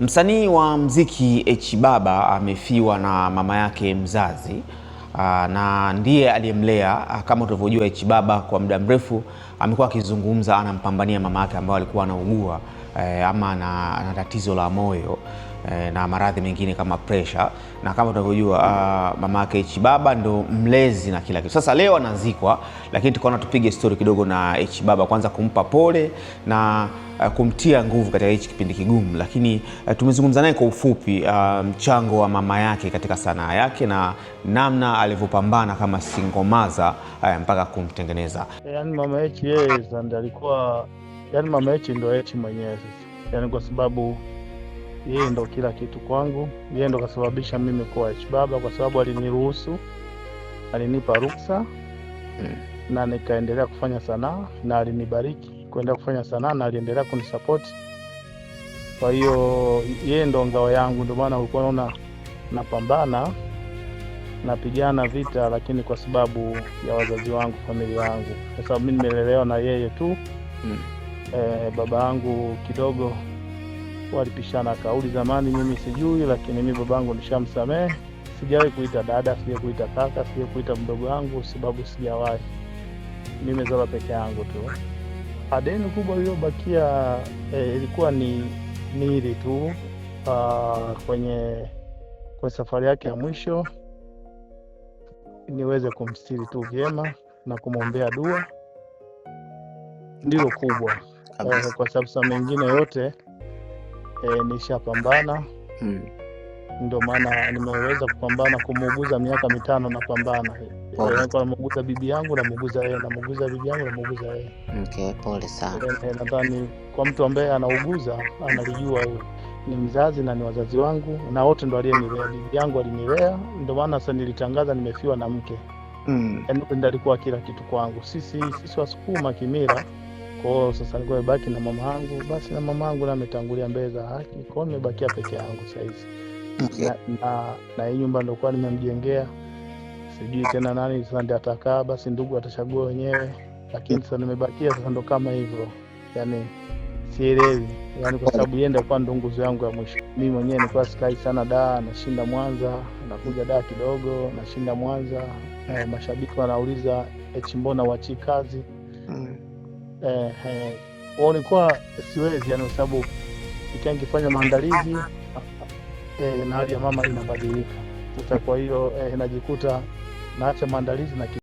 Msanii wa mziki H Baba amefiwa na mama yake mzazi ah, na ndiye aliyemlea. Ah, kama tunavyojua, H Baba kwa muda mrefu amekuwa akizungumza anampambania mama yake ambaye alikuwa anaugua eh, ama ana tatizo la moyo. Eh, na maradhi mengine kama pressure, na kama tunavyojua uh, ah, mama yake baba ndo mlezi na kila kitu. Sasa leo anazikwa, lakini tukaona tupige stori kidogo na Baba, kwanza kumpa pole na uh, kumtia nguvu katika hichi kipindi kigumu, lakini uh, tumezungumza naye kwa ufupi uh, mchango wa mama yake katika sanaa yake na namna alivyopambana kama singomaza uh, mpaka kumtengeneza. Yani mama Echi yeye alikuwa, yani mama Echi ndo Echi mwenyewe sasa, yani kwa sababu yeye ndo kila kitu kwangu, yeye ndo kasababisha mimi kuwa baba, kwa sababu aliniruhusu, alinipa ruksa mm. na nikaendelea kufanya sanaa na alinibariki kuendelea kufanya sanaa na aliendelea kunisapoti. Kwa hiyo yeye ndo ngao yangu, ndio maana ulikuwa unaona napambana napigana vita, lakini kwa sababu ya wazazi wangu, familia yangu, kwa sababu mimi nimelelewa na yeye tu mm. E, baba yangu kidogo walipishana kauli zamani, mimi sijui, lakini mi babangu nishamsamehe. Sijawahi kuita dada, sijawahi kuita kaka, sijawahi kuita mdogo wangu, sababu sijawahi. Nimezala peke yangu tu. adeni kubwa iliyobakia eh, ilikuwa ni ni tu. Uh, kwenye kwa safari yake ya mwisho niweze kumstiri tu vyema na kumwombea dua, ndilo kubwa eh, kwa sababu saa mengine yote e, nishapambana hmm. Ndio maana nimeweza kupambana kumuuguza miaka mitano napambana eh, namuuguza bibi yangu namuuguza yeye namuuguza bibi yangu namuuguza yeye okay, pole sana e, nadhani kwa mtu ambaye anauguza analijua ni mzazi na ni wazazi wangu na wote ndo aliyenilea bibi yangu alinilea ndio maana sasa nilitangaza nimefiwa na mke mm. ndo alikuwa kila kitu kwangu sisi sisi wasukuma kimira kwao. Sasa nilikuwa nimebaki na mama yangu, basi na mama yangu na ametangulia mbele za haki kwao, nimebakia peke yangu sahizi. Okay. na, na, hii nyumba ndokuwa nimemjengea sijui tena nani sasa ndiye atakaa, basi ndugu atachagua wenyewe, lakini sasa nimebakia sasa ndo kama hivyo, yani sielewi yani, kwa sababu yeye ndio kwa ndugu zangu ya mwisho. Mimi mwenyewe nilikuwa sikai sana da, nashinda Mwanza, nakuja da kidogo, nashinda Mwanza. Eh, mashabiki wanauliza eti eh, mbona uachi kazi? Mm eh, eh, nilikuwa siwezi, yani sababu ikiwa nikifanya maandalizi eh, na hali ya mama inabadilika sasa, kwa hiyo eh, najikuta naacha maandalizi na